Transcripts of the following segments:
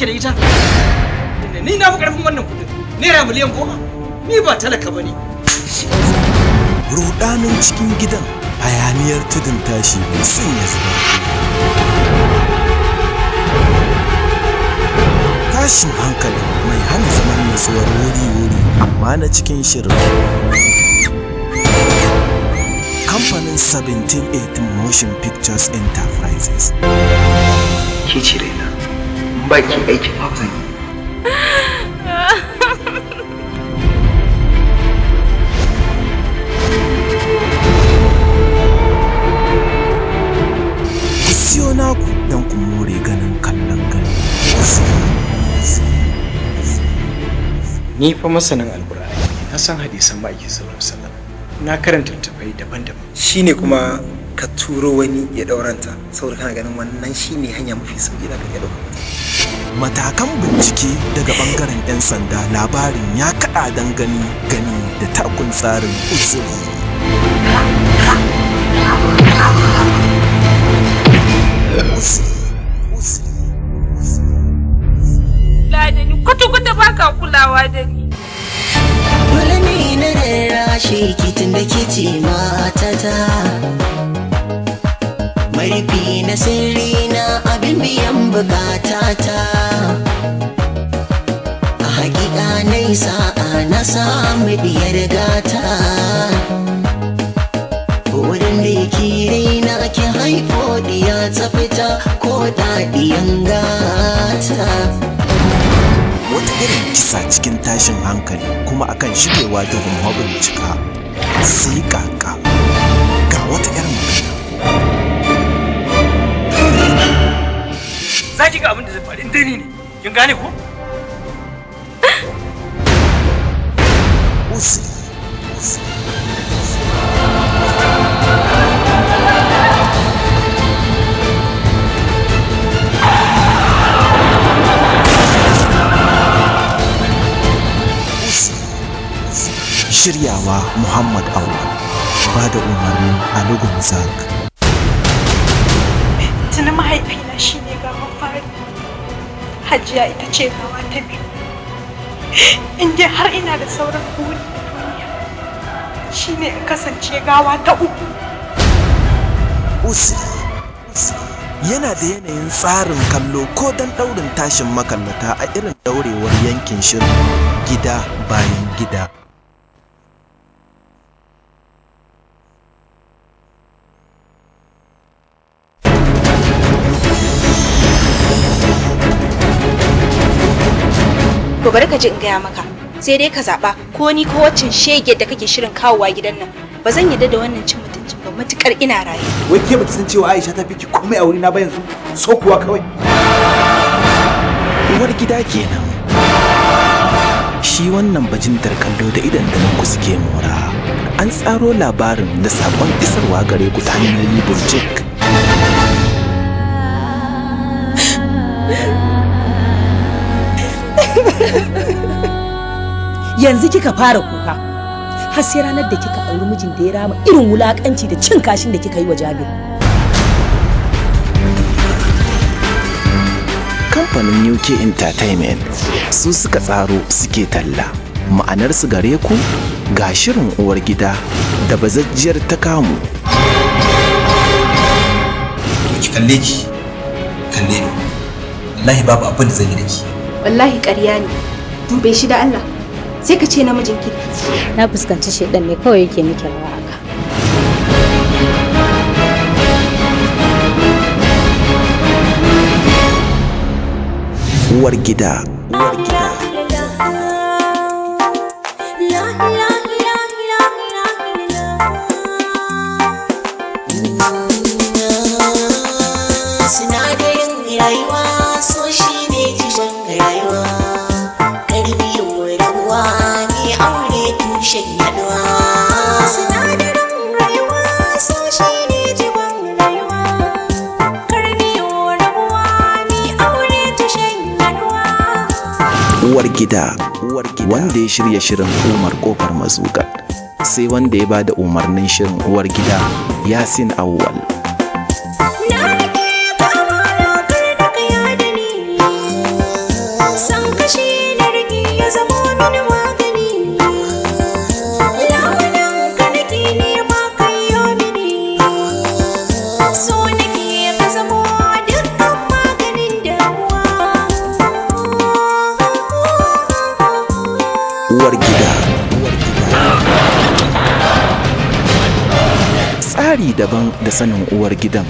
kake da ita ni na fi karfin wannan kudin naira miliyan goma ni ba talaka ba ne rudanin cikin gidan hayaniyar tudun tashi sun ya zuba tashin hankali mai hana zaman nasuwar wuri-wuri amma na cikin shirin kamfanin 1718 motion pictures enterprises ke cire na ba ki aiki ba zan yi siyo naku don ku more ganin kallon gani ni fa masanin alkur'ani na san hadisan ma'aikin sallallahu alaihi na karanta littattafai daban-daban shine kuma ka turo wani ya dauranta saboda kana ganin wannan shine hanya mafi sauki da ka iya dauka matakan bincike daga bangaren 'yan sanda labarin ya kaɗa don gani gani da takun tsarin usuri ladani kwata-kwata baka kulawa da ni wani ne na rarrashi kitin da ke ce matata Ƙarfi na sirri na abin biyan bukata ta a hakika nai sa'a na samu ɗiyar gata wurin da yake raina ki haifo diya ta fita ko daɗiyan gata wata irin kisa cikin tashin hankali kuma akan shigewa duhun mabincika sai ƙaƙa ga wata 'yar za ki ga abin da zai faru in dai ni ne kin gane ko shiryawa Muhammad Awa ba da a lugun zaka. Tunan mahaifina shi ne farin hajiya ita ce gawa ta biyu in har ina da sauran da duniya ne in kasance gawa ta uku usri yana da yanayin tsarin kallo ko don ɗaurin tashin makallata a irin daurewar yankin shirin gida bayan gida to bari ka ji in gaya maka sai dai ka zaɓa ko ni ko waccan shege da kake shirin kawowa gidan nan ba zan yarda da wannan cin mutunci ba matukar ina raye wai ke baki san cewa Aisha ta fiki komai a wurina ba yanzu so kuwa kawai wani gida kenan shi wannan bajintar kallo da idan da ku suke mora an tsaro labarin da sakon isarwa gare ku ta hanyar libur yanzu kika fara kuka har sai ranar da kika auri mijin da ya rama irin wulakanci da cin kashin da kika yi wa jabir kamfanin uk entertainment su suka tsaro suke talla ma'anar su gare ku ga shirin uwar gida da bazajjiyar ta kamu ki kalle ki kalle ni wallahi babu abin da zan yi da ki wallahi ƙarya ne dube shi da allah sai ka ce namijin ki na fuskanci shedan ne kawai yake miki rawa aka uwar gida uwar gida uwar gida wanda ya shirya shirin umar kofar mazuka sai wanda ya ba da umarnin shirin uwar gida yasin awwal daban da sanin uwar gidan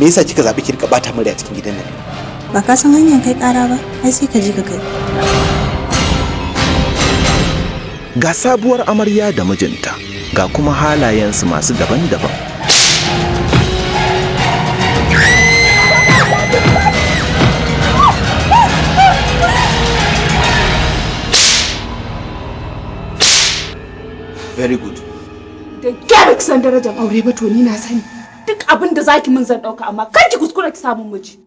me yasa kika zaɓi kirka rika bata murya cikin gidan nan ba ka san hanyar kai ƙara ba ai sai ka ji ka kai ga sabuwar amarya da mijinta ga kuma halayensu masu daban-daban very good san darajar aure ba to ni na sani. Duk abin da zaki min zan ɗauka amma kanki ki kuskura ki samu miji.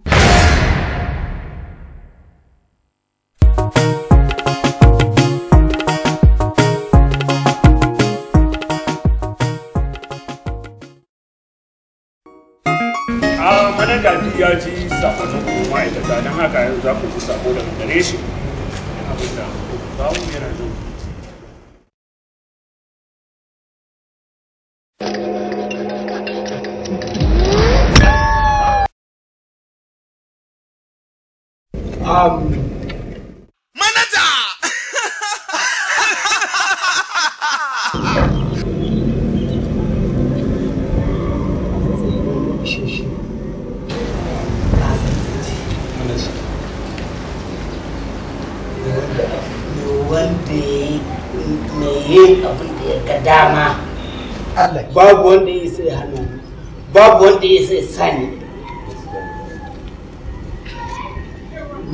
zai sani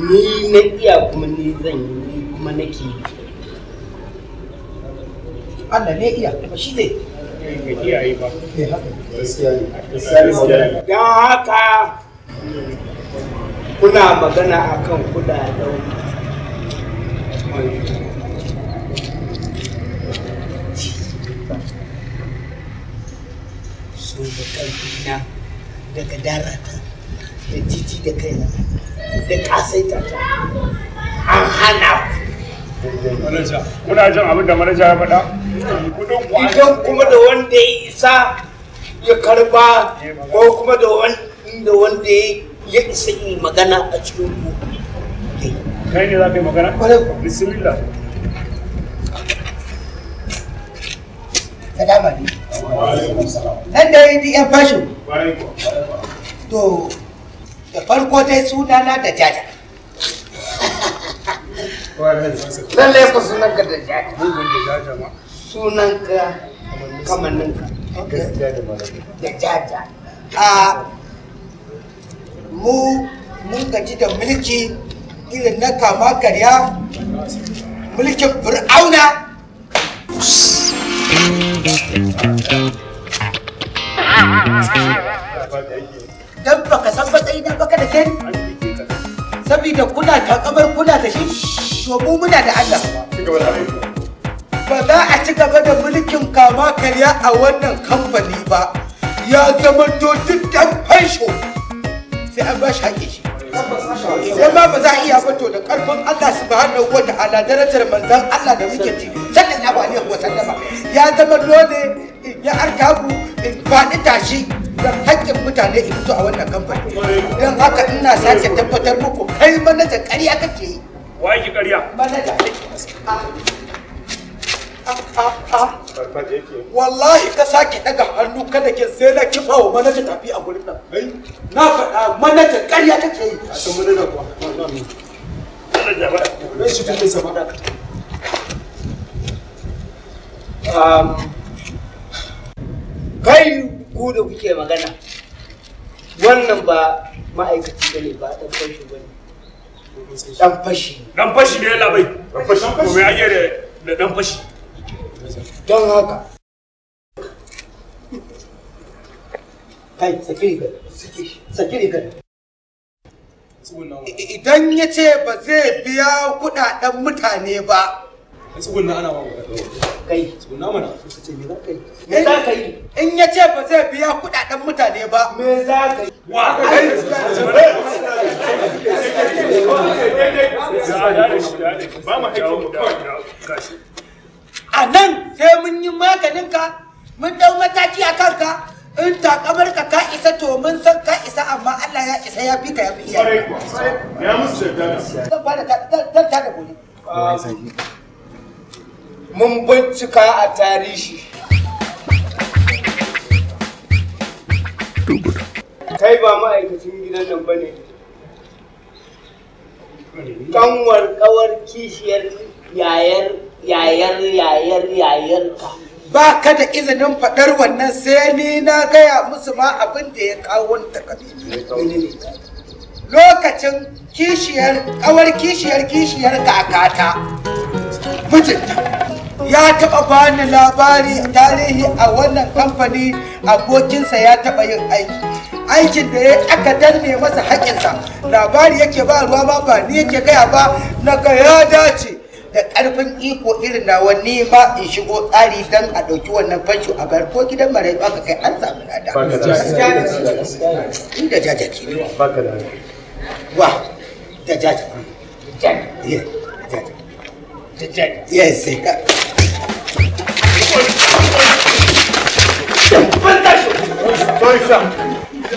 ni na iya kuma ni zan yi kuma nake yi Allah ne iya kuma shi zai don haka kuna magana akan kudaden daga darata da jiji da na da kasaita ta an hana kuna jin abin da manaja ya faɗa idan kuma da wanda ya isa ya karba ko kuma da wanda ya isa yi magana a cikin ku kai ne za ka yi magana? bismillah salama ne nan da ya yi fashin to da farko dai na da jaja lallai ku sunan ka da jaja sunan ka kamannin ka da jaja a mu mun gaji da mulki irin na kama karya mulkin fir'auna Thank you. dan baka san matsayi na baka da kai saboda ta kamar kuna da shi to mu muna da Allah ba za a ci gaba da mulkin kama karya a wannan kamfani ba ya zama to duk dan fansho sai an ba shi haƙe shi idan ma ba za a iya fito da karfin Allah su subhanahu wa ta'ala darajar manzon Allah da muke ci sannan alaihi wa sallama ya zama dole ya arka ku in faɗi tashi don haƙƙin mutane in fito a wannan kamfani don haka ina sake tabbatar muku kai manajan ƙarya kake yi wa yake ƙarya manajan ah, ah, ah, wallahi ka sake daga hannu kada ke sai na kifa wa manaja tafi a gurin nan na faɗa manaja ƙarya kake yi a san manaja ba ne shi tun da sama kai ku da kuke magana wannan ba ma'aikaci ne ba ɗan fashi ba ne ɗan fashi dan fashi ne yana bai dan fashi ko me ake da ɗan fashi don haka kai sakiri ka sakiri ka idan ya ce ba zai biya kudaden mutane ba tsugun ana ba kai tsuna mana ce me za ka yi me eh, za ka yi in ya ce ba zai biya kudaden mutane ba me za ka yi wa ka yi a nan sai mun yi maganin ka mun dau mataki a kanka in takamar ka ka isa to mun san ka isa amma Allah ya isa ya bi ka ya fi ya musu da dana ta da mun bincika a tarihi kai ba ma'aikacin gidan nan ba ne kanwar kawar kishiyar yayar yayar yayar yayar ka ba ka da izinin faɗar wannan sai ni na gaya musu ma abin da ya kawo ta lokacin kishiyar kawar kishiyar kishiyar kakata mijinta ya taɓa bani labari tarihi a wannan kamfani abokinsa ya taba yin aiki aikin da ya aka danne masa haƙinsa labari yake ba ruwa ba ba ni yake gaya ba na ga ya dace da ƙarfin iko irin na wani ma in shigo tsari dan a ɗauki wannan fansho a bar ko gidan marai ba ka kai an samu nada. da jajaki ne wa da jajaki Jajjaj. Yes, ka.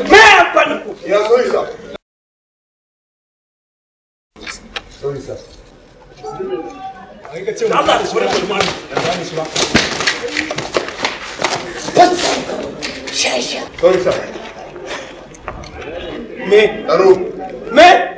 Me amfani Me?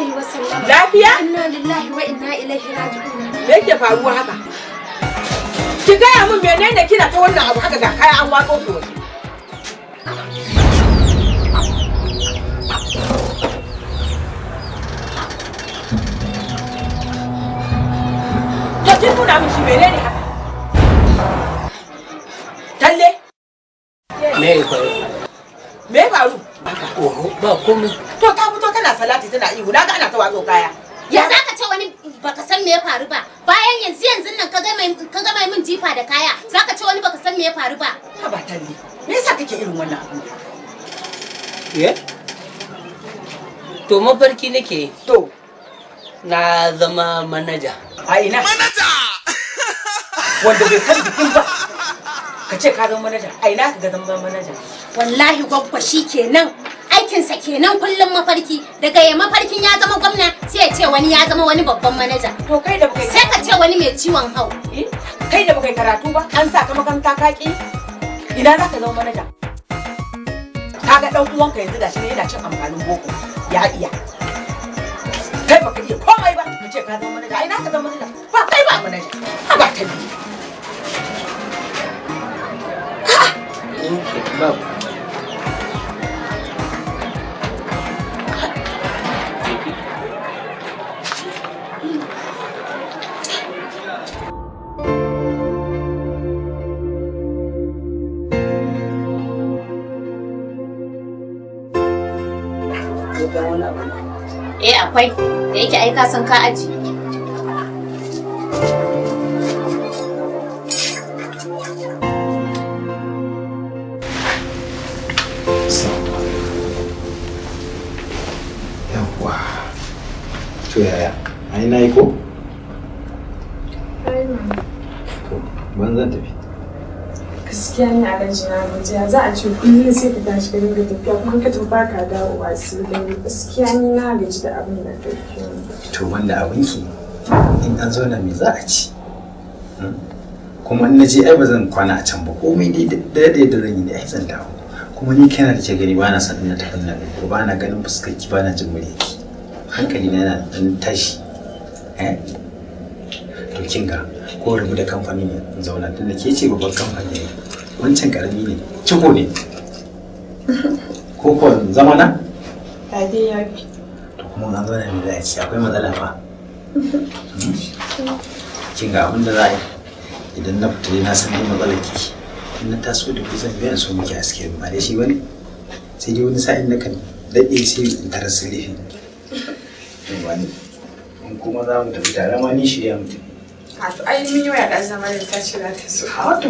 faruwa haka ki gaya min menene kina ta wannan abu haka ga kaya an watsa su waje to kin nuna min shi menene haka talle me me faru ba komai to ka fito kana salati tana ihu na ga ana ta watsa kaya jifa da kaya zaka ce wani baka san me ya faru ba ha ba ta ne me yasa kake irin wannan abu ye eh? to mafarki nake to na zama manaja a ina manaja wanda bai san bikin ba ka ce ka zama manaja a ina ka zama manaja wallahi gwaggwa kenan aikinsa kenan kullum mafarki daga ya mafarkin ya zama gwamna sai ya ce wani ya zama wani babban manaja to kai da bukai sai ka ce wani mai ciwon hau eh? kai da bukai karatu ba an sa ka makaranta kaki idan za ka zama manaja kaga dan uwanka yanzu da shi ne yana cin amfanin boko ya iya kai ba ka iya komai ba ka ce ka zama manaja ai na ka zama manaja ba kai ba manaja ba kai ba eh akwai da yake ai ka san ka ajiye to yaya ai na yi ko? ban zan tafi gaskiya ne a ranji na ya za a ce kullum sai ka tashi ka dinga tafiya kuma ka tafi baka dawowa sai dai gaskiya ne na gaji da abin da kake to wanda abin ki in an zauna me za a ci hmm? kuma in je ai ba zan kwana a can ba komai dai da yadda yadda zan yi da ai zan dawo kuma ni kana da ke gani ba na san ina ta nan ko ba na ganin fuskarki ba na jin muryarki hankali na yana dan tashi eh to kinga ko rabu da kamfanin ya zauna tunda ke ce babban kamfani ne wancan karami ne ciko ne koko zama na? Dadi ya fi. To kuma na zo da me za ci akwai matsala fa. Kin ga abin da za a yi idan na fita na san ni matsalar ki. In na taso da ku zan biya so miki aske ba da shi bane. Sai dai wani sa'in na kan daɗe sai in tara su to Wani. In kuma za mu tafi tare ma ni shirya mutum. A to ai mun yi waya ɗan zama da ta ce za ta so. A wato.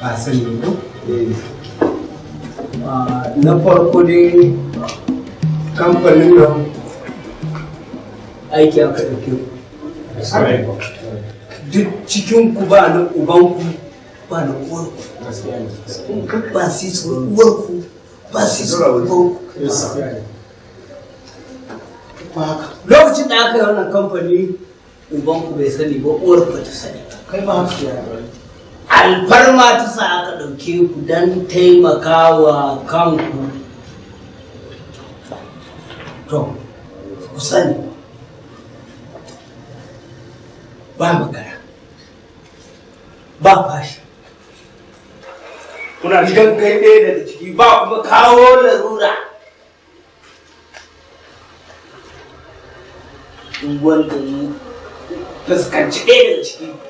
sani ko eh. ah, na farko dai kamfanin nan aiki aka ɗauke duk cikin ku ba na ubanku ba na uwarku ba su yi uwarku ba su yi ubanku lokacin da aka yi wannan kamfani ubanku bai sani ba uwarku ta sani kai ba alfarma ta sa aka ɗauke ku don taimakawa kanku to ku sani ba magana ba fashi kuna idan kai ɗaya daga ciki ba kuma kawo larura wanda ya fuskanci ɗaya daga ciki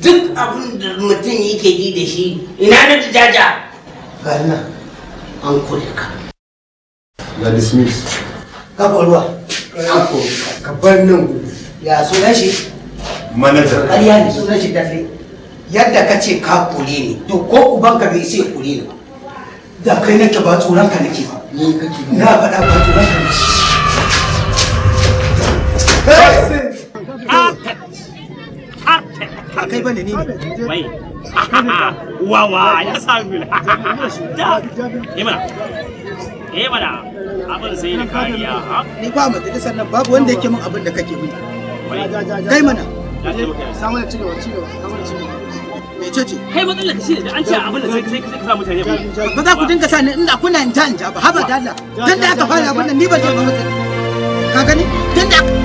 duk abin da mutum yake ji da shi ina da jaja ga an kure ka ga dismiss ka ruwa ka bar nan ya sunan shi manajar ƙarya ne sunan shi dalle yadda ka ce ka kure ne to ko ubanka bai sai kure ne da kai nake ba tsoron ka nake ba na faɗa ba tsoron ka nake ni bane ni ne wawa ya da eh, mana eh, mana abin sai kariya ni ba babu wanda yake min abin da kake mini kai mana samu da cigaba cigaba samu da cigaba mecece kai matsalar shi da an ce abin da sai sai sa mutane ba ba za ku dinga sa ni inda kuna in ja in ja ba haba dan da aka fara abin nan ni ba ba dan da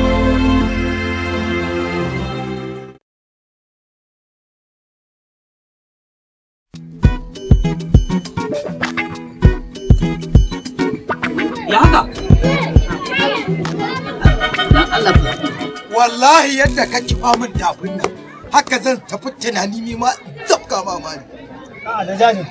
wallahi yadda ka kifa min tafin nan haka zan tafi tunani ne ma zafka ma ma ne a'a da jani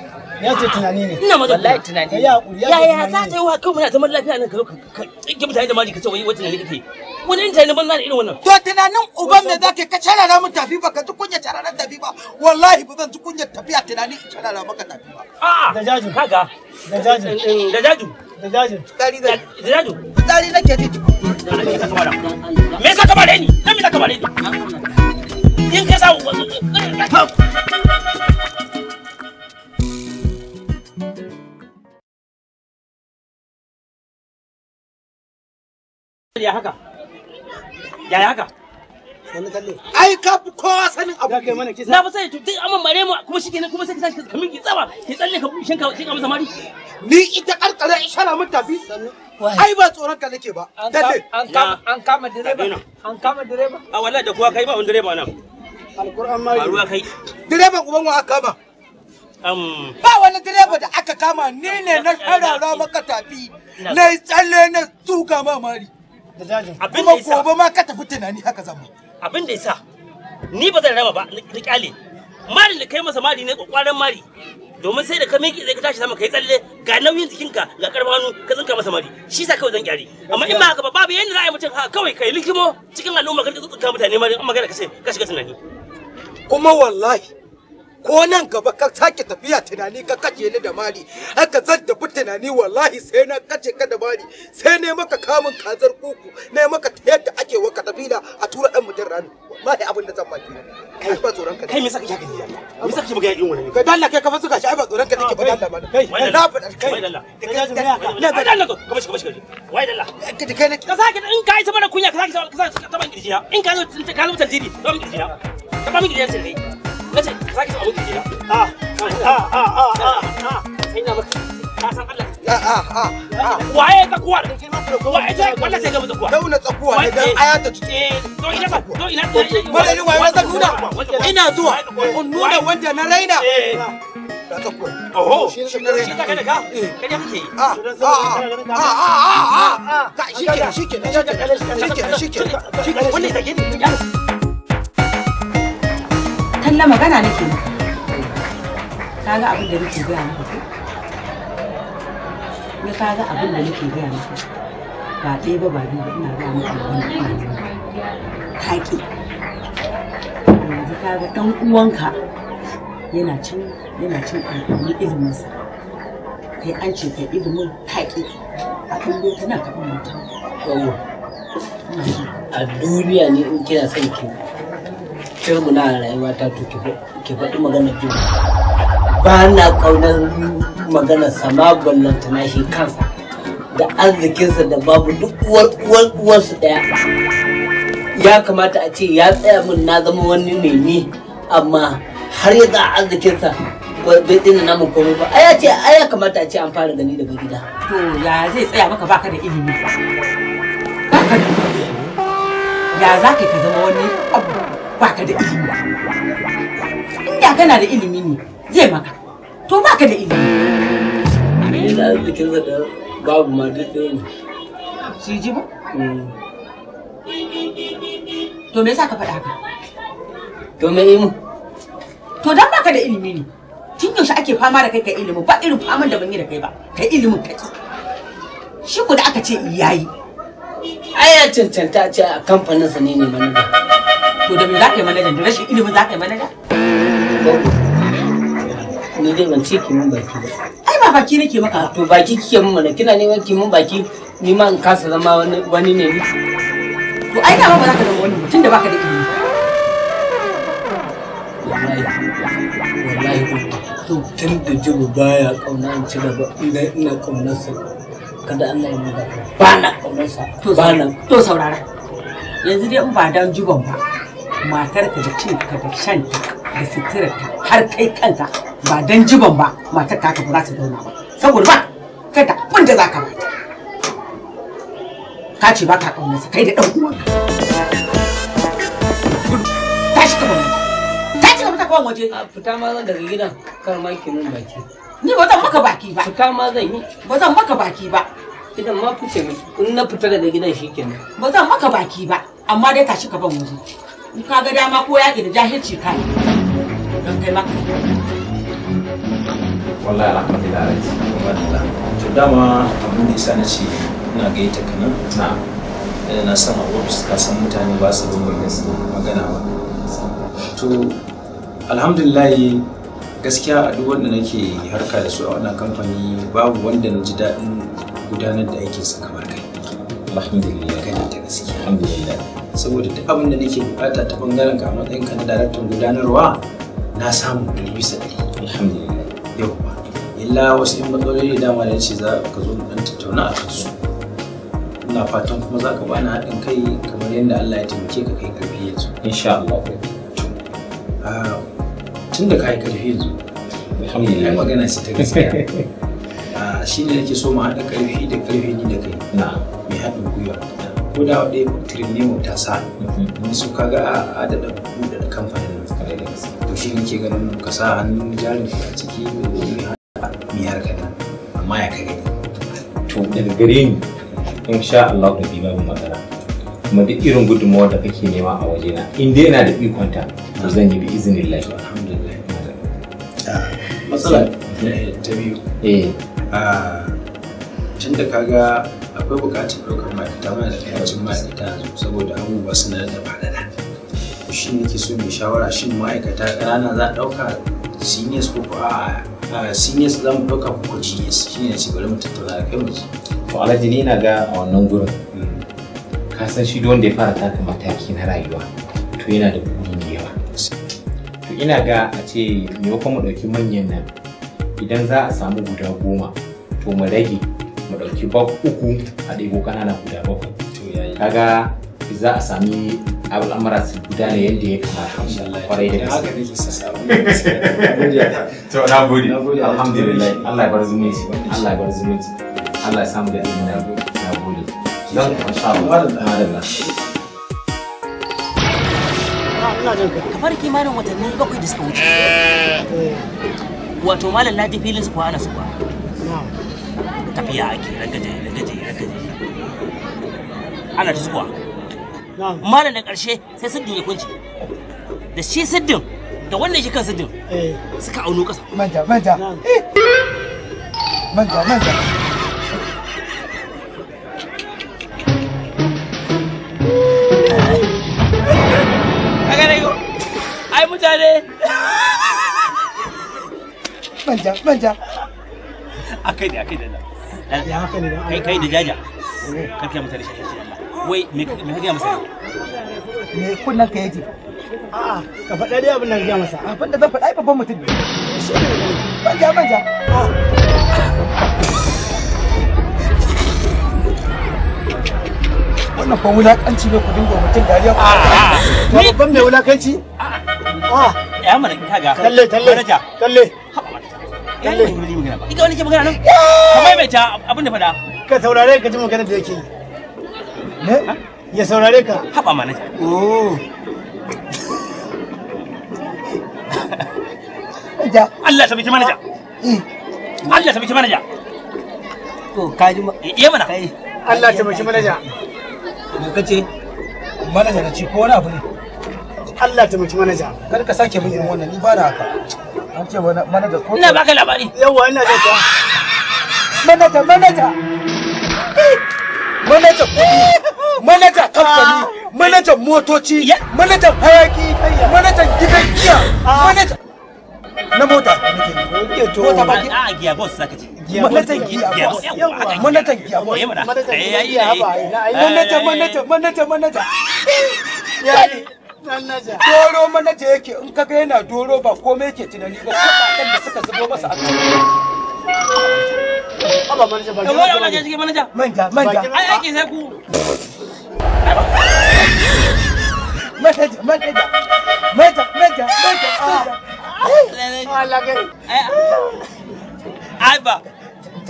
ya ce tunani ne ina mazo. wallahi tunani ne ya ya za ta yi wa kai muna zaman lafiya nan ka ka mutane da mali ka ce wai wata tunani kake wani in tunani banza da irin wannan to tunanin uban da zake ka carara min tafi ba ka tukunya kunya carara tafi ba wallahi ba zan tukunya tafiya tunani in carara maka tafi ba a'a da jaju kaga da jaju da jaju Da jajin. da. a ka sa Ya haka? Yaya haka? Ai ka fi kowa sanin abu. Ya kai mana kisa. Na fi sani duk mare mu kuma shi kenan kuma sai ka ki tsaba ki tsalle ka bushin ka mari. ni ita karkare in shara mun tafi ai ba tsoron ka nake ba an kama direba an kama direba a wallahi da kuwa kai ba wani direba nan alquran ma ruwa kai direban kuma mu aka ba ba wani direba da aka kama ni ne na sharara maka tafi na tsalle na tuka ma mari kuma ba ma ka tafi tunani haka zama abin da yasa ni ba zan raba ba ni kyale mari da kai masa mari ne kwakwaran mari domin sai da ka miƙe zai ka tashi sama kai tsalle ga nauyin jikinka ga karfin hannu ka tsinka masa mari shi sa kawai zan kyare amma in ba haka ba babu yanda za a yi mutum haka kawai kai likimo cikin al'umma ka tsinka mutane mari amma magana ka sai ka shiga tunani kuma wallahi ko gaba ka sake tafiya tunani ka kace ni da mali aka zan tafi tunani wallahi sai na kace ka da mali sai ne maka kamun kazar kuku ne maka yadda ake waka tafila a tura dan mutum rani wallahi abin da zan maki kai ba tsoron ka kai me saka yaka ni Allah me saka maka yakin wannan kai dalla kai ka fa suka shi ai ba tsoron ka take ba Allah ma kai na fada kai wai dalla kai dalla ka bashi ka bashi wai dalla kai ne ka sake in kai sama kunya ka sake ka sake taban kirjiya in ka zo ka zo tantiri taban kirjiya taban kirjiya sai nace za ki abokin gida a a a a a sai na maka ka san Allah a a a waye tsakuwa da girman farko waye ta wallahi sai ga mu tsakuwa dauna tsakuwa ne dan aya ta tuke to ina ba to ina wala ni waye zan nuna ina zuwa in nuna wanda na raina da tsakuwa oho shi ne na raina shi ka da ka ka ne muke a a a a a a shike shike shike shike shike shike wannan take ne na magana nake ka ga abin da nake gaya maka ne ka ga abin da nake gaya maka ba ɗaya ba ba biyu ba ina gaya maka wani kaƙi yanzu ka ga ɗan uwanka yana cin yana cin amfanin iliminsa kai an ce kai ilimin kaƙi a kan lokacin ka ɓin mutum a duniya ne in kina son ki turmuna a rayuwa ta to ke faɗi magana juna ba na ƙaunar magana sama ballanta na shi kansa da arzikinsa da babu duk uwar su ɗaya ya kamata a ce ya tsaya min na zama wani ne ni amma har ya za arzikinsa bai tsina na mun komai ba ai ya ce ai ya kamata a ce an fara gani daga gida to ya zai tsaya maka baka da ilimi ya za ka zama wani abu baka da ilimi inda kana da ilimi ne zai maka to baka da ilimi da arzikin da babu ma duk ɗaya ne shi ji ba mm. to me yasa ka faɗa haka to me ilimi to dan baka da ilimi ne tun yaushe ake fama da kai ka ilimi ba irin faman da ban yi da kai ba ka ilimin ka shi ku da aka ce iyayi ai ya cancanta ce a kamfanin sa ne ne manaja to da me za ka yi manajan da rashin ilimin za ka yi manajan ni dai ban ce ki mun baki ba ai ba baki nake maka to baki kike mun mana kina neman ki mun baki ni ma in kasa zama wani wani ne ni to ai dama ba za ka zama wani mutum da baka da ilimi wallahi to tun da jiru baya kauna in ci gaba idan ina kaunarsa kada Allah ya muga ba na kaunarsa to saurara yanzu dai in ba dan jibon ba matarka da ka da ta da ta har kai kanka ba dan jiban ba matar ka ba za ta zauna ba saboda ba kai da abin da za ka ba ka ce ba ka ƙaunarsa kai da ɗan uwanka tashi ka ba tashi ka ba waje a fita ma zan daga gidan kar ma ki mun baki ni ba zan maka baki ba fita ma zan yi ba zan maka baki ba idan ma fice in na fita daga gidan shikenan ba zan maka baki ba amma dai tashi ka ban waje in ka ga dama ko yaƙi da jahilci ka don kai maka wallahi alhamdulillah alhamdulillah to dama abin da isa na ce ina gaita ta nan na eh, na san ofis ka san mutane ba su bambanta su magana ba to alhamdulillah gaskiya a duk wanda nake harka da su a wannan kamfani babu wanda na ji daɗin gudanar da aikinsa kamar kai alhamdulillah ganin ta gaske alhamdulillah saboda duk abin da nake bukata ta bangaren ka a matsayin ka na daraktan gudanarwa na samu ɗari bisa ɗari alhamdulillah yau illa wasu yan matsaloli dama da ce za ka zo dan tattauna a su ina fatan kuma za ka bani haɗin kai kamar yadda Allah ya taimake ka kai ƙarfi yanzu insha Allah tun da ka yi ƙarfi yanzu alhamdulillah magana ce ta gaskiya shi ne nake so mu haɗa ƙarfi da ƙarfi ni da kai na'am haɗin gwiwa ko da waɗe tirimimo ta sa su kaga a adadin buɗe kamfanin da suka to shi ne ke ganin ka sa hannun jarin a ciki mai miyar gana amma ya ka gani to daga gare ni in sha Allah da bi babu matsala kuma duk irin gudunmawar da kake nema a waje na in dai yana da ikonta to zan yi bi izinin lafi alhamdulillah ah, matsala ta biyu eh ah, tun da kaga akwai buƙatar ɗaukar ma'aikata mana da ƙarancin ma'aikata saboda abubuwa suna da fadada shi ke so mai shawara shin ma'aikata ƙanana za a ɗauka seniors ko a seniors za mu dauka ko genius shi ne ci bari mu tattauna da kai mu ji. to alhaji ni na ga a wannan gurin ka san shi wanda ya fara taka mataki na rayuwa to yana da buri da yawa to ina ga a ce maimakon mu dauki manyan nan idan za a samu guda goma to mu rage madauki ba uku a ɗebo ƙanana guda bakwai kaga za a sami al'amura su guda ne yadda ya kamata kwarai da to na gode alhamdulillah Allah ya bar zumunci Allah ya bar zumunci Allah ya samu da ina na gode don insha Allah madalla kamar kimanin watanni bakwai da suka wuce eh. wato malam na ji filin su kwa ana su kwa tafiya ake ragaje ragaje ragaje ana ta zuwa malam da karshe sai siddin ya kunce da shi siddin da wannan shi kan siddin eh. suka auno kasa manja manja eh. manja manja manja manja akai da da kai da jaja kar kai mutane shashi Allah wai me me ka ga masa me kunnan ka yaji a ka faɗa dai abin da ka ga masa abin da zan faɗa ai babban mutum ne banja banja wannan fa wulakanci ne ku dinga mutum dariya ku ni ban mai wulakanci a'a ya mana kaga kalle talle talle lalle ita wani ke magana nan ka maimaita abin da fada ka saurare ka ji magana da yake eh? ya saurare ka haba oh. manaja oh Allah ta manaja Allah ta manaja to ka ji mana Allah ta manaja me kace manaja na ci ko wani abu ne Allah ta manaja kar ka sake min wannan ni ba na haka an ce wani ina baka labari yawa ina da ta kamfani manajan motoci hayaki gidan giya ah. na mota mota ba a ah, giya boss zaka ce giya boss giya boss giya doro manaja yake in ka ga yana doro ba komai yake tunani ba kuɗaɗen da suka zubo masa a Ai ba.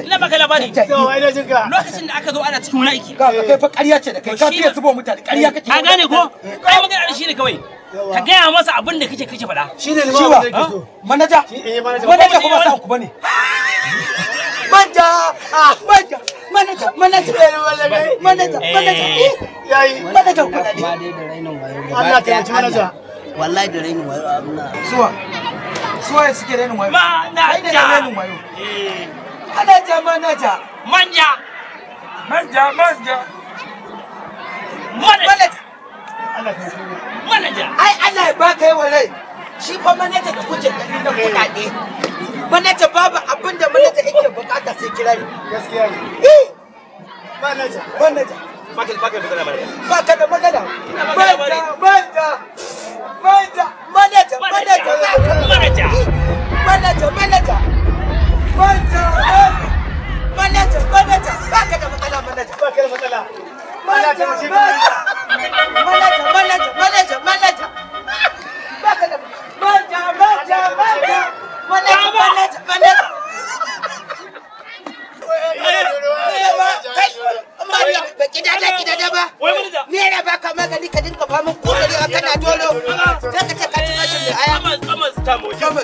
ina baka labari lokacin da aka zo ana cikin mulki kai fa ƙarya ce da kai ka fiye zubo mutane ƙarya kake ka gane ko kai magana da shi ne kawai ka gaya masa abin da kake kake faɗa shi ne limawa eh, manaja manaja kuma sa ku bane manja manja ah, manaja manaja manaja manaja eh. Eh, yayi manaja ku Allah ta manaja wallahi da rainin wayo suwa suwa suke rainin wayo rainin wayo Manaja, manaja. Manja. Manja, manja. Manaja. Manaja. Ai Allah ya baka yawan rai. Shi fa manaja da kuke gani na eh. kuɗaɗe. Manaja babu abin da manaja yake bukata sai kirari. Gaskiya ne. Manaja. Eh. Manaja. Baka da magana manaja. Baka da magana. Manja, manja. Manja. Manaja, manaja. Manaja. Manaja, manaja. manaja manaja ba ka da matsala manaja ba ka da matsala manaja manaja manaja manaja manaja ba ka da manaja manaja manaja manaja manaja manaja Mariya ba kidada kidada ba. Me yana baka magani ka dinka famin kokari a kana dolo. Sai ka ce ka ci bashin da aya. Kamas kamas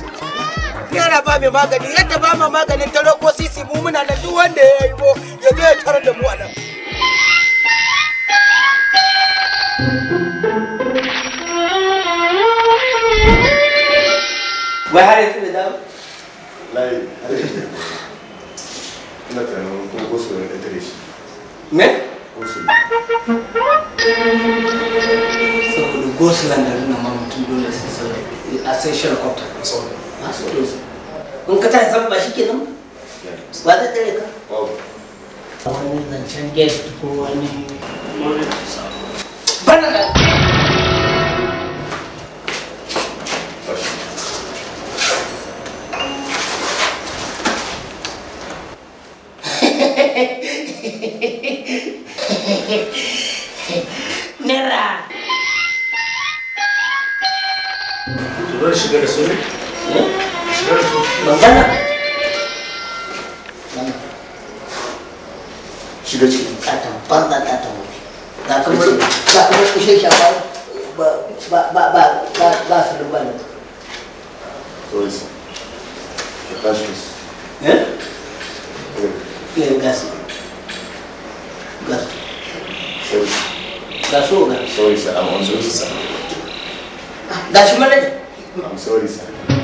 naira ba mai magani yadda ba ma maganin taro ko sisi mu muna da duk wanda ya yi ko ya zo ya tarar da mu a nan. Wai har yanzu da dawo? Layi, har yanzu. Ina tunanin kuma ko su da tare shi. Me? Ko Saboda gosulan da nuna ma mutum dole sai sauri a sai shirin kwafta. Sauri. Na sauri. in ka tashi sama ba shi nan ba zai tare ka wani zancen guest ko wani bana da Nera! manzana shiga cikin katon banza katon wuce za ka bar za ka bar kushe shi ba ba ba ba ba ba su da bani to is the passions eh eh gas gas so is gaso ga so is i'm on so is sir gashi manager i'm sorry sir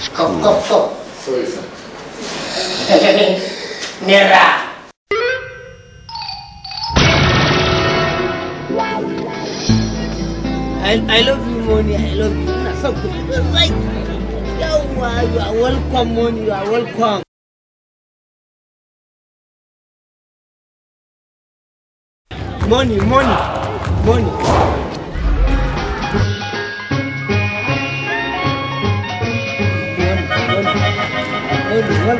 It's cool. Oh, oh, oh. Sorry, I, I love you, Moni. I love you. It's like, you are welcome, Moni. You are welcome. Money, money, money. igual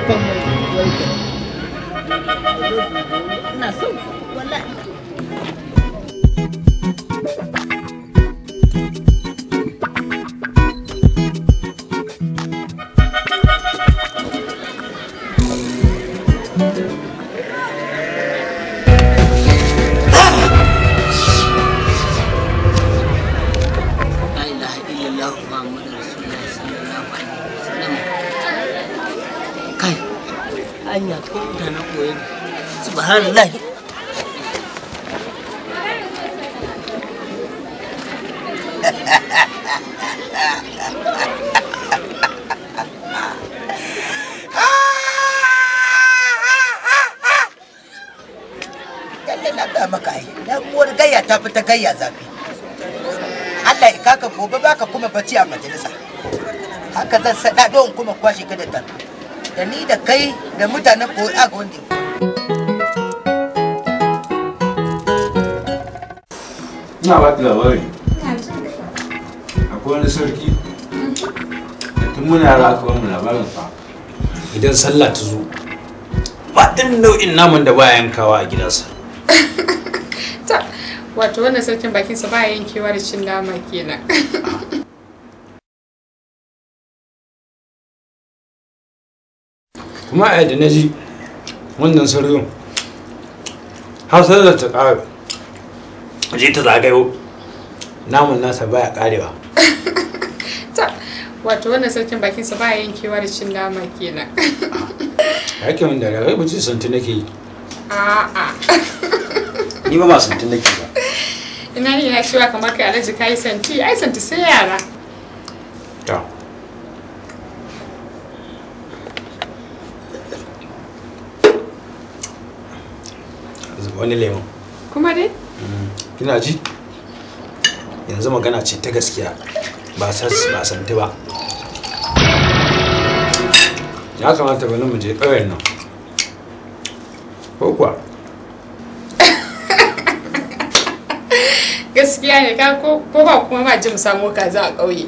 ko mutanen koyi subhanallah ta fi ta gayya zafi Allah kaka gobe baka kuma bacci a majalisa haka zan sada don kuma kwashe ka da tarbi da ni da kai da mutanen ko a gondi ina ba ta labari akwai wani sarki tun muna yara aka wani labarin fa idan sallah ta zo ba ɗin nau'in naman da baya yankawa a gidansa wato wannan sarkin bakinsa ba yankewa da cin nama kenan ah. kuma a yadda na ji wannan sarrin hausar da ta ƙara je ta zagayo namun nasa baya ƙarewa wato wannan sarkin bakinsa baya yankewa da cin nama kenan yake wanda ragai ba ce santi nake yi a'a ni ba ma santi nake ba ina ne na cewa kamar kai alaji kai santi ai santi sai yara wani lemon kuma dai mm. kina ji yanzu magana ce ta gaskiya ba santi ba ya kamata bari mu je ƙauyen nan ko kuwa gaskiya ne ka ko ba kuma ma ji mu samu kaza a ƙauye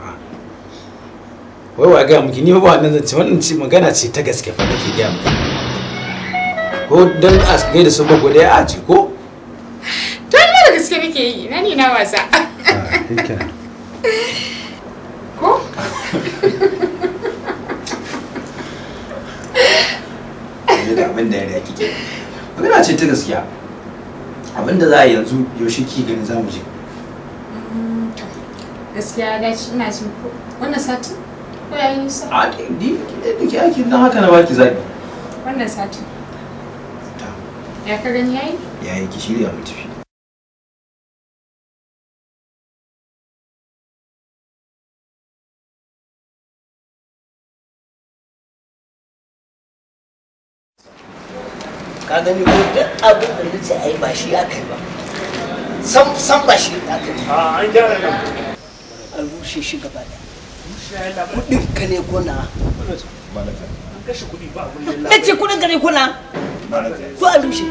wai wa ga muke ni ba wannan zance wannan ce magana ce ta gaske fa nake gaya miki ko dan a da sabon gode a aji ko to da gaske nake yi na na wasa ko ne da abin da ya ce ta gaskiya abin za a yanzu yaushe ki gani za mu je gaskiya ga shi ina jin ko wannan satin ko yayin sa a dai dai dai ake dan haka na baki zabi wannan satin ya ka gani yayi yayi ki shirya mu ka gani ko da abin da nace ai ba shi ya kai ba san san ba shi ya kai a ah, an gyara nan a rushe shi gaba da kudin ka ne kuna ba na kudi ba da nace kudin ka ne kuna ko a rushe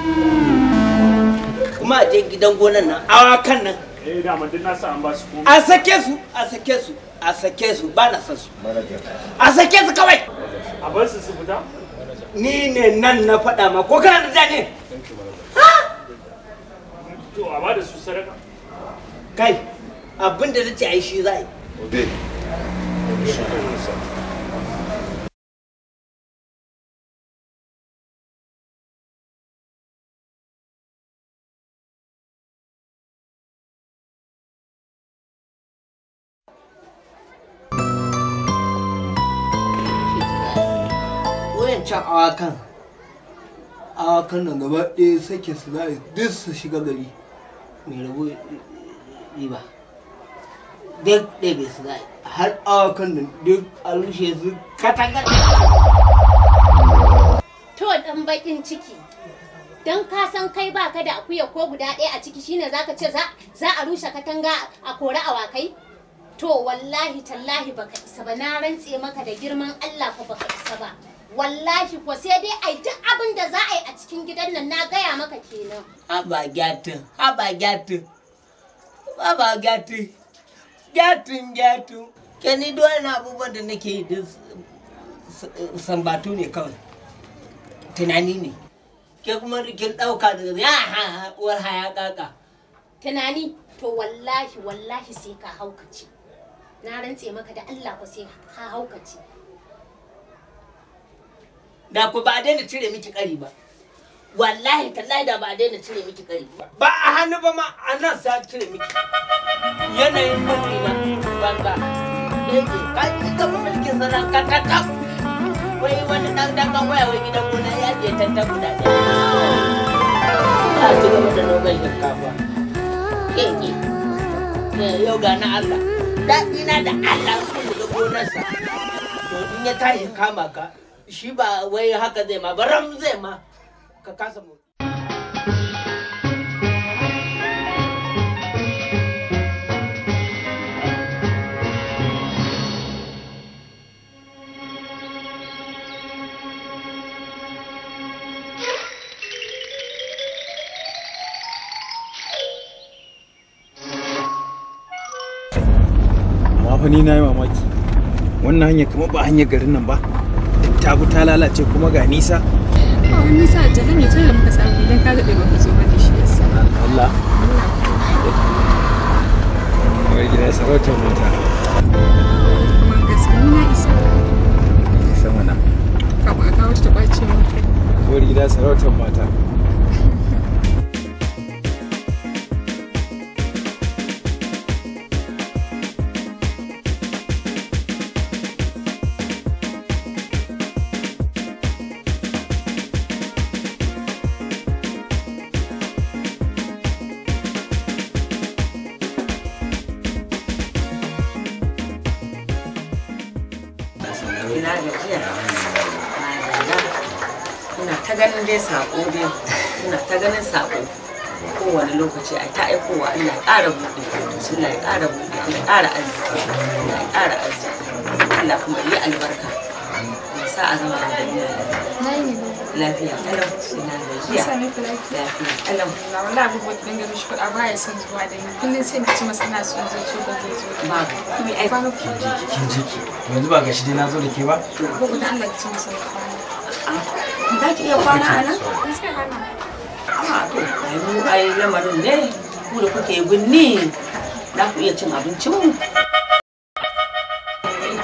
kuma a je gidan gonan nan kan nan eh, a sake su a sake su a sake su ba na san su a sake su kawai a bar su su fita ni ne nan na faɗa ma ko kana da jani to a ba da su sadaka kai abin da nace ai shi za a yi shan awakan awakan nan gaba ɗaya sake su za duk su shiga gari mai rabo riba duk ɗaya su za har awakan nan duk a rushe su katakata to dan bakin ciki don ka san kai ba ka da akuya ko guda ɗaya a ciki shine zaka ce za a rushe katanga a kori awakai to wallahi tallahi baka isa ba na rantse maka da girman Allah ko baka isa ba wallahi ko sai dai ai duk abin da za a yi a cikin gidan nan na gaya maka kenan haba gyatin haba gyatin haba gyatin gyatin gyatin ke ni dole na abubuwan da nake yi da sambatu ne kawai tunani ne ke kuma rikin ɗauka da ya ha uwar haya kaka tunani to wallahi wallahi sai ka haukace na rantse maka da Allah ko sai ka haukace da ku ba daina cire miki kari ba wallahi tallahi da ba daina cire miki kari ba a hannu ba ma a nan sa cire miki yanayin mulki na banza yake ka ki ga sana ka ka ka wai wani dan dan kan waya wai gidan gona ya je tanta guda ɗaya ta ci gaba da noman shinkafa yake yau ga na Allah ina da Allah ku da gonarsa to in ya tashi kama ka shi ba wai haka zai ma baram zai ma ka kasa mu ni na yi mamaki wannan hanyar kamar ba hanyar garin nan ba. tabu ta lalace kuma ga nisa a nisa a jana muka samu idan ka daɗe baka zo bane shi yasa Allah wai gida sarautar mota gida sarautar mata dai sako dai ina ta ganin sako kowane lokaci a ta aikowa Allah ƙara buɗe Allah ya ƙara buɗe Allah ƙara arziki ya ƙara arziki Allah kuma yi albarka sa a zama a duniya lafiya kalam ina gajiya lafiya kalam na wala abubuwa da ga shi kuɗa ba ya son zuwa da ni kullun sai na ci masana su zo ci ko zo zo ba kuma ai ba kin jiki yanzu ba ga shi dai na zo da ke ba ko da Allah ki ci masana Ah, za ki iya kwana a nan? Ah, mu ai lamarin ne ku da kuke binni za ku iya cin mu.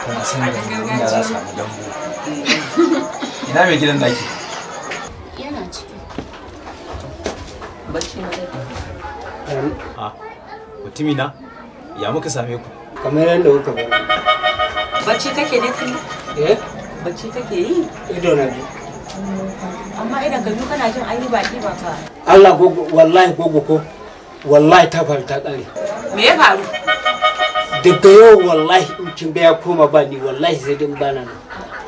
Kana san da za samu dambu. Ina mai gidan Bacci dai. A ah, mutumi na ya muka same ku? Kamar yadda kuka bari. Bacci bacci take yi ido na biyu amma idan ka biyu kana jin an yi baki ba ka Allah ko wallahi gogo ko wallahi ta faru ta kare me ya faru daga yau wallahi in kin ya koma ba ni wallahi sai din bana nan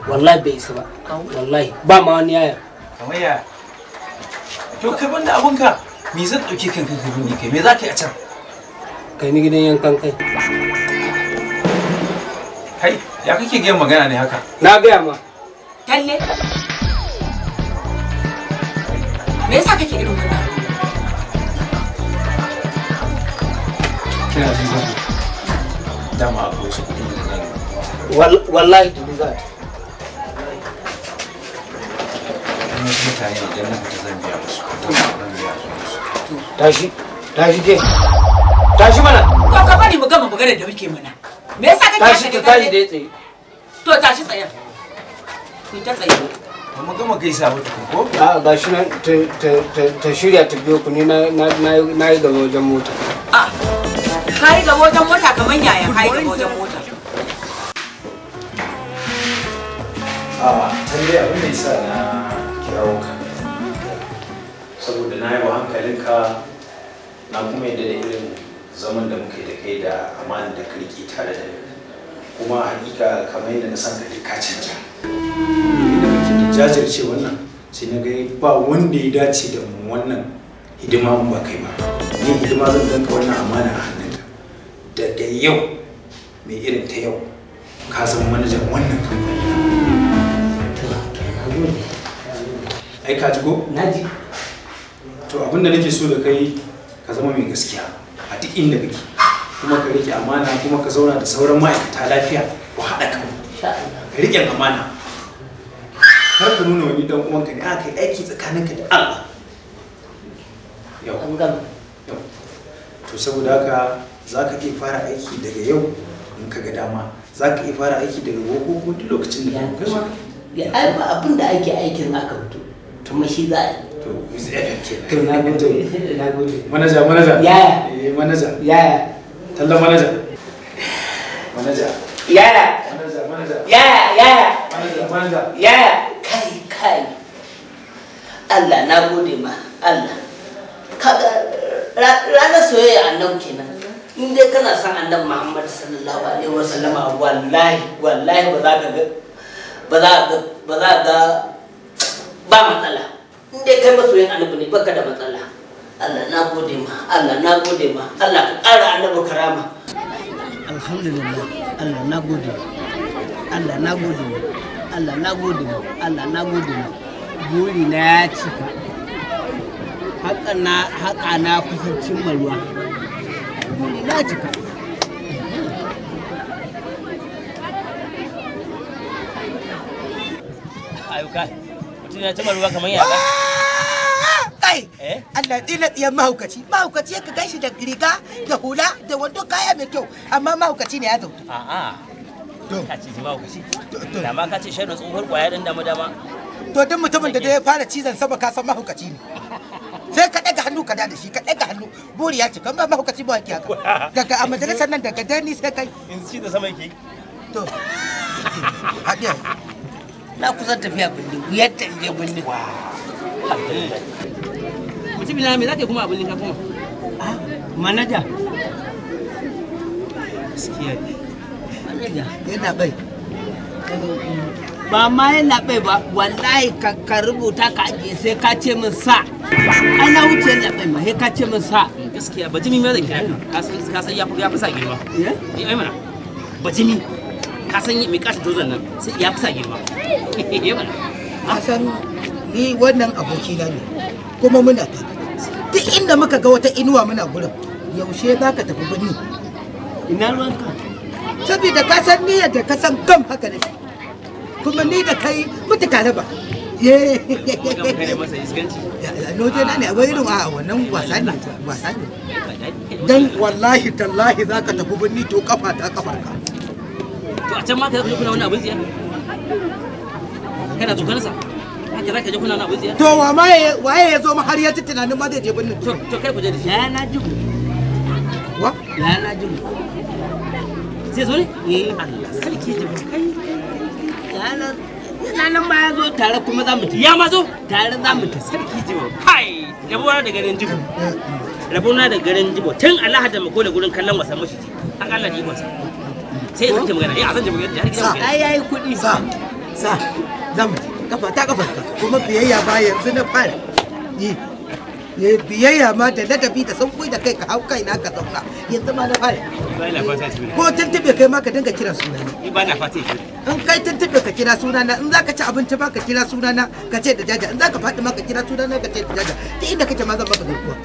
wallahi bai isa ba wallahi ba ma wani yaya kamar ya to kai banda abunka me zan dauke kai ka binne kai me za ka yi a can kai ni gidan yankan kai Kai, ya kake gaya magana ne haka? Na gaya ma. Talle. Me yasa kake irin wannan? Kina jin Dama da nan. Wallahi ta. mutane zan biya musu. Tashi, tashi ke. Tashi mana. Ka bari mu gama maganar da muke mana. me yasa kake tashi tashi to tashi tsaye ku ta tsaye amma gama gaisa ko a ba shi nan ta shirya ta ni na na yi gaba mota a ka yi gaba wajen mota kamar yayan. ka yi a abin da yasa na kirawo ka saboda na yi wa hankalinka na kuma yadda da irin zaman da muke da kai da amana da kirki tare da kuma hakika kamar yadda na san ka duk ka canja inda muke da jajirce wannan sai na ga ba wanda ya dace da mu wannan hidima mu ba kai ba ni hidima zan danka wannan amana a hannunka da yau mai irin ta yau ka zama manajan wannan kamfani ai ka ji ko na ji to abin da nake so da kai ka zama mai gaskiya a duk inda kake kuma ka rike amana kuma ka zauna da sauran ma'aikata lafiya ku haɗa kan ka rike amana har ka nuna wani dan uwanka ne aka yi aiki tsakaninka da Allah yau an gama to saboda haka za ka iya fara aiki daga yau in ka ga dama za ka iya fara aiki daga gobe ko duk lokacin da ka kai ya ai ba abin da ake aikin aka fito to shi za a to is to na gode na gode manaja manaja yaya eh manaja yaya tallan manaja manaja yaya yaya yaya yaya kai kai Allah na gode ma Allah kaga ranar soyayya annabi kenan in dai kana son annabi Muhammad sallallahu alaihi wasallama wallahi wallahi ba za ka ga ba za ka ba za ka ba matsala in dai kai masoyin annabi ne baka da matsala Allah na gode ma Allah na gode ma Allah ka ƙara annabi karama alhamdulillah Allah na gode Allah na gode Allah na gode Allah na gode buri na ya cika haka na haka na kusancin buri na cika ayuka mutum ya kamar yaka ah! kai eh? Allah tsila tsiyan mahaukaci mahaukaci ka gashi da riga da hula da wando kaya mai kyau amma mahaukaci ne ya a to ka ce mahaukaci da ma ka shi na tsohuwar kwaya mu da dama to duk mutumin da ya fara cizon saba ka san mahaukaci ne sai ka ɗaga hannu ka da shi ka ɗaga hannu buri ya ci kan ba mahaukaci ba ka daga a majalisar nan daga dani sai kai in ci da sama yake to hadiya na kusan tafiya bindi yadda ta je bindi mutum bismillah mai zaka kuma abin linka kuma ah manaja gaskiya manaja yana bai ba ma yana bai ba wallahi ka rubuta ka ajiye sai ka ce min sa ana wuce yana bai ma sai ka ce min sa gaskiya ba jimi mai kira ka ka san ya fi sa girma eh, eh ai mana ba jimi ka san mai kasa dozan nan sai ya fi sa girma eh mana ka san ni wannan abokina ne kuma muna tafi duk inda muka ga wata inuwa muna gurin yaushe za ka tafi birni ina ruwanka saboda ka san niyyar da ka san gam haka ne kuma ni da kai mutuka raba Noje na ne wai irin a wannan wasa ne wasa ne dan wallahi tallahi za ka tafi birni to kafa ta kafar ka to a can ma ka kuna wani abin ziyara kana tsokansa kira ka je kuna na wutsiya to wa ma waye ya zo ma har ya ci tunanin ma zai je binnin to to kai ku je da shi ya na jibu wa ya na jibu sai zo ne eh Allah sarki jibu kai ya na nan ma ya zo tare kuma za mu ta ya ma zo tare za mu ta sarki jibo kai rabu na da garin jibo na da garin jibo tun Allah da mako da gurin kallon wasan mashi an Allah ji wasa sai zan ji magana eh a zan ji magana ai ai kudi sa sa zan ji kafa ta kafa kuma biyayya ba yanzu na fara yi ya eh, biyayya ma da ladabi da sauƙi da kai ka hau kai na ka zauna yanzu ma na fara ko tuntuɓe kai ma ka dinga kira sunana ba na fata in kai tuntuɓe ka kira sunana in za ka ci abinci ma ka kira sunana ka ce da jaja in za ka faɗi ma ka kira sunana ka ce da jaja ta inda kake ma zan maka gaisuwa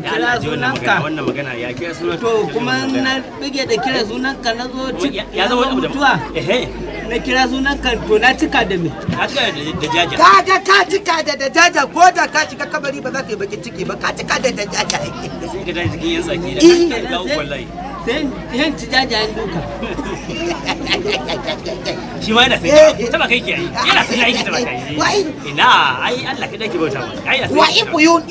kira sunanka wannan magana ya kira sunanka to kuma na bige da kira sunanka na zo ya mutuwa eh, eh. na kira sunanka to na cika da me ka da jaja ka ga ka cika da da jaja ko da ka shiga kabari ba za ka yi bakin ciki ba ka cika da da jaja sai ka tashi cikin yan tsaki da eh. ka ga wallahi sai ci jajayen duka shi ma yana sai taba kai ke yi yana sai aiki taba kai ina ai Allah kada ki bauta ba ai wa ibuyun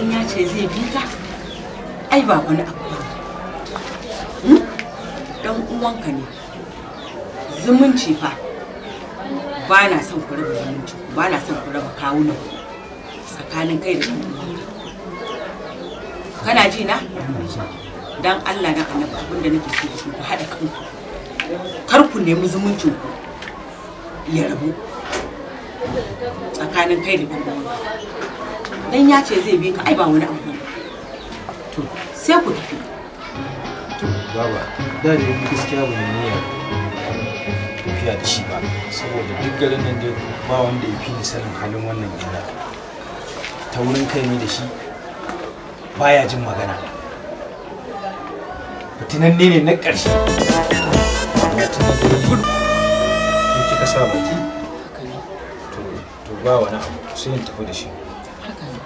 in ya ce zai bi ta ai ba wani abu ba hmm? uwanka ne zumunci fa ba na son ku raba zumunci ba na son ku raba kawunan tsakanin kai da kana ji na dan Allah na annabi abinda nake so ku hada kanku kar ku nemi zumuncin ku ya rabu tsakanin kai da kuma. dan ya ce zai bi ka ai ba wani abu to sai ku tafi to baba da ne gaskiya ba ya tafiya da shi ba saboda duk garin nan dai ba wanda ya fi sanin halin wannan gida ta wurin kai ne da shi baya jin magana fitinan ne na ƙarshe tunan kika sa baki to ba wani abu sai in tafi da shi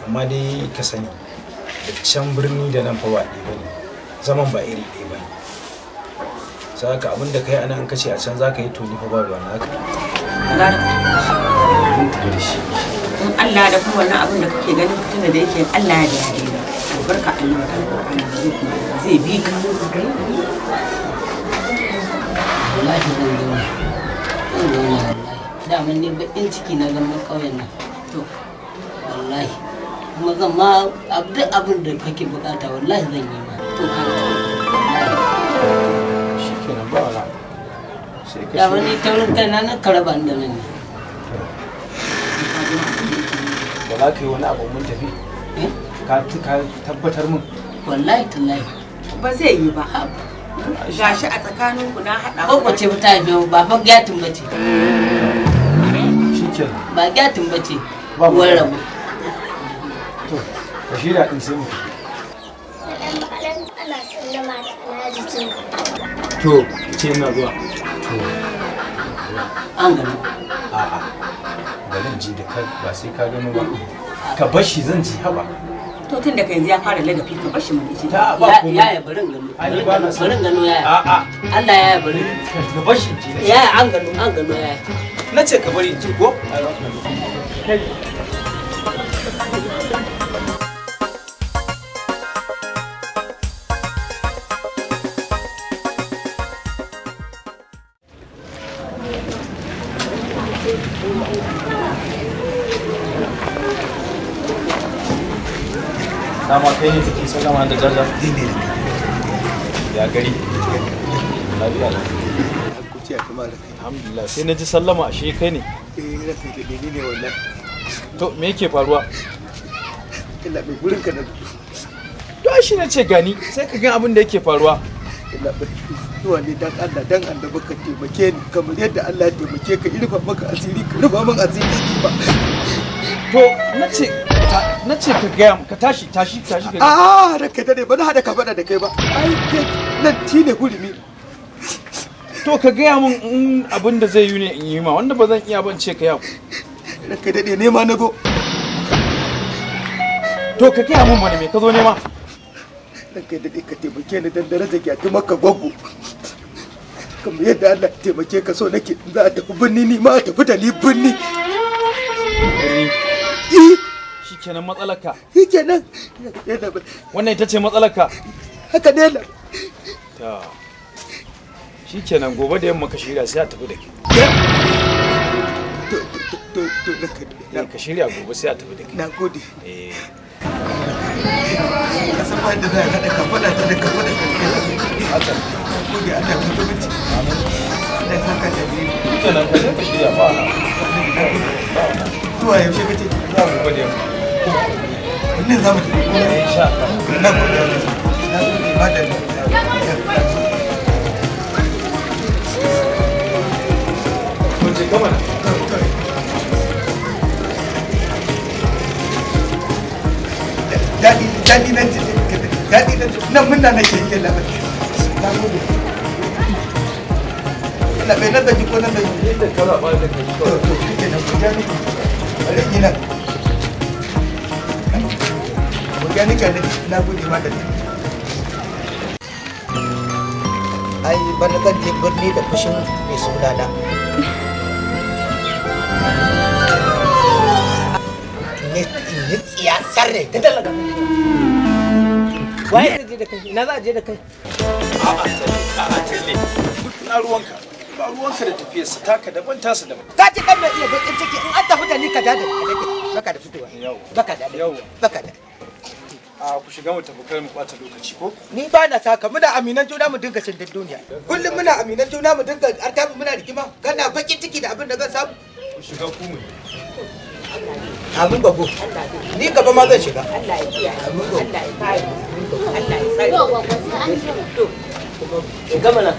amma dai ka sani da can birni da nan fa ɗaya bane zaman ba iri ɗaya bane sai ka abin da kai anan an kace a can zaka yi to ni fa babu wannan haka in Allah da kuma wannan abin da kake ganin fitina da yake Allah ya yarda barka Allah zai bi ka wallahi zan zo zan zo wallahi daman ni bakin ciki na zaman kauyen nan to wallahi kuma zan ma duk abin da kake bukata wallahi zan yi ma to ka shikenan ba wala sai ka dama ni taurin kaina na karaba da nan ba za ka yi wani abu mun tafi eh? ka tabbatar min wallahi tallahi ba zai yi ba gashi a tsakanin ku na hada ko ce ta biyo ba fa gatin bace shikenan ba gatin bace ba wani rabu ka shirya din sai mu to ce zuwa an gani a'a ji da kai ba sai ka gano ba ka zan ji haba to tun da ya fara ladafi ka bar ya ya barin gano gano ya a'a Allah ya ya barin ka bar ya an gano an gano ya na ce ka bari ji ko dama kai ne take sallama da jaja ya gari lafiya alhamdulillah sai na ji sallama ashe kai ne eh, to me yake faruwa ina mai gurin ka na to shi na ce gani sai ka ga abin da yake faruwa zuwa ne dan Allah dan annabi ka taimake ni kamar yadda Allah ya taimake ka irfa maka asiri ka rufa min asiri ba to na ce na ce ka gaya ka tashi tashi tashi ka a ranka da ne ba na hada ka bada da kai ba ai ke nan ti ne gurumi to ka gaya min in abin da zai yi ne in yi ma wanda ba zan iya ban ce ka yaku ranka da ne nema na go to ka gaya min wani me ka zo nema ranka da ne ka taimake ni dan daraja ki a taimaka gwaggo kamar yadda Allah taimake ka so nake za a tafi birni ni ma a tafi da ni birni Eh. kenan shi kenan wannan ita ce matsalaka haka ne la ta shi kenan gobe da yamma ka shirya sai a tafi da ke eh, ka shirya gobe sai a tafi da ke na gode eh kasan ba da za ka ta da kafaɗa ta ka gode a da da da ka shirya ba wannan za a tafi ko ne insha Allah na gode na gode ba da ko je kama daɗi daɗi nan je daɗi nan nan muna nake yi labai na gode labai nan da ji ko nan da ji da kala ba da kai to to kike nan ku jami'i a rigi nan gani ka na gode da ai birni da fushin mai sunana ne tsiya sarre ta dalaga waye zai je da kai ina za a je da kai a'a a a'a na ruwanka ba ruwanka da tafiyarsa taka daban tasa daban ka kan mai iya bakin ciki in an tafi da ni ka da da baka da fitowa baka da baka da a ku shiga mu tafi mu bata lokaci ko ni ba na saka muna aminan juna mu dinga cin duniya kullum muna aminan juna mu dinga artabu muna rigima kana baki ciki da abin da zan samu ku shiga ku mu babu. Ni gaba ma zan shiga. Allah ya kiyaye. Allah ya kiyaye. Allah ya tsare. To. Shiga mana.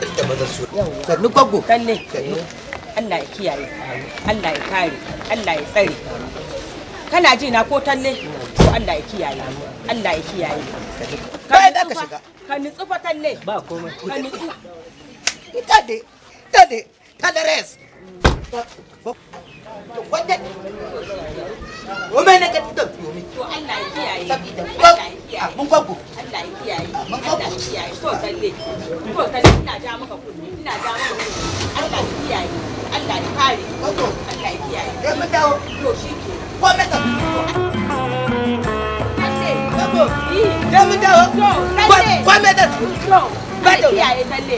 Ita gwaggo. Kalle. Allah ya kiyaye. Allah ya kare. Allah ya tsare. kana ji na ko talle to Allah ya kiyaye Allah ya kiyaye kai da ka shiga ka nitsu fa talle ba komai ka nitsu ita de ita de ta da res ta mi to Allah ya kiyaye sabida mun talle to talle ina ja maka kọ́ mẹ́ta tó kọ́. Dẹ́mídà o, kọ́ mẹ́ta tó kọ́. Bẹ́ẹ̀ ni,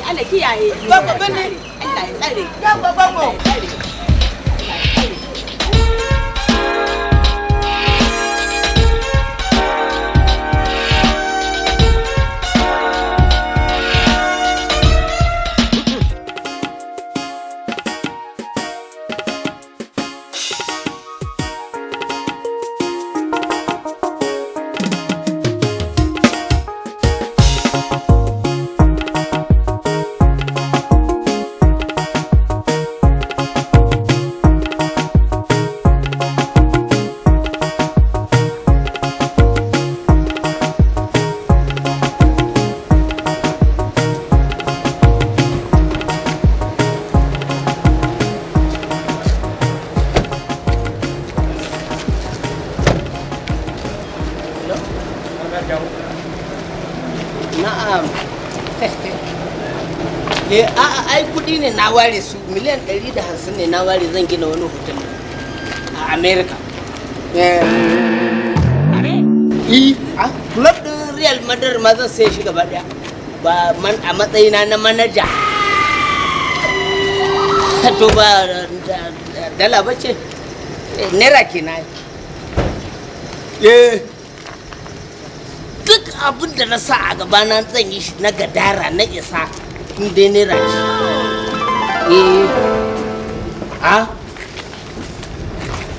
gbogbo bẹ́ẹ̀ ni, gbogbo gbogbo. na bari zan gina wani hotel a america eh. Eh. Eh. club din real madrid ma zan sai shi gaba daya ba a matsayina na manaja to ba dala ba ce naira ke na duk abin da na sa a gaba na zan yi shi na gadara na isa in dai naira ce oh. ha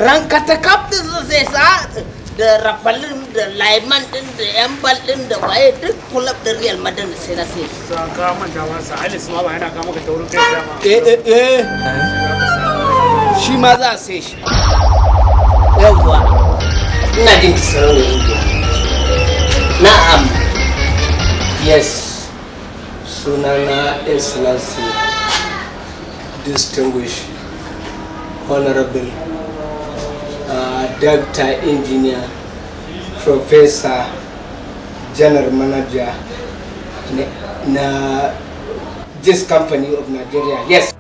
ranka ta kafin su sai sa da rafalin da laiman din da yan baldin da waye duk kulab da real madrid sai na sai su an kawo man dama sa alis ma ba yana kawo maka taurin kai dama eh eh eh shi ma za a sai shi yawwa ina jin kisarar da yake na'am yes sunana Islasi. distinguished Honorable uh, Engineer Professor General Manager na this company of Nigeria. Yes.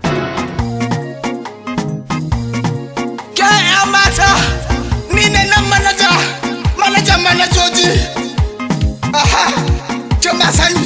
manajoji aha jama'a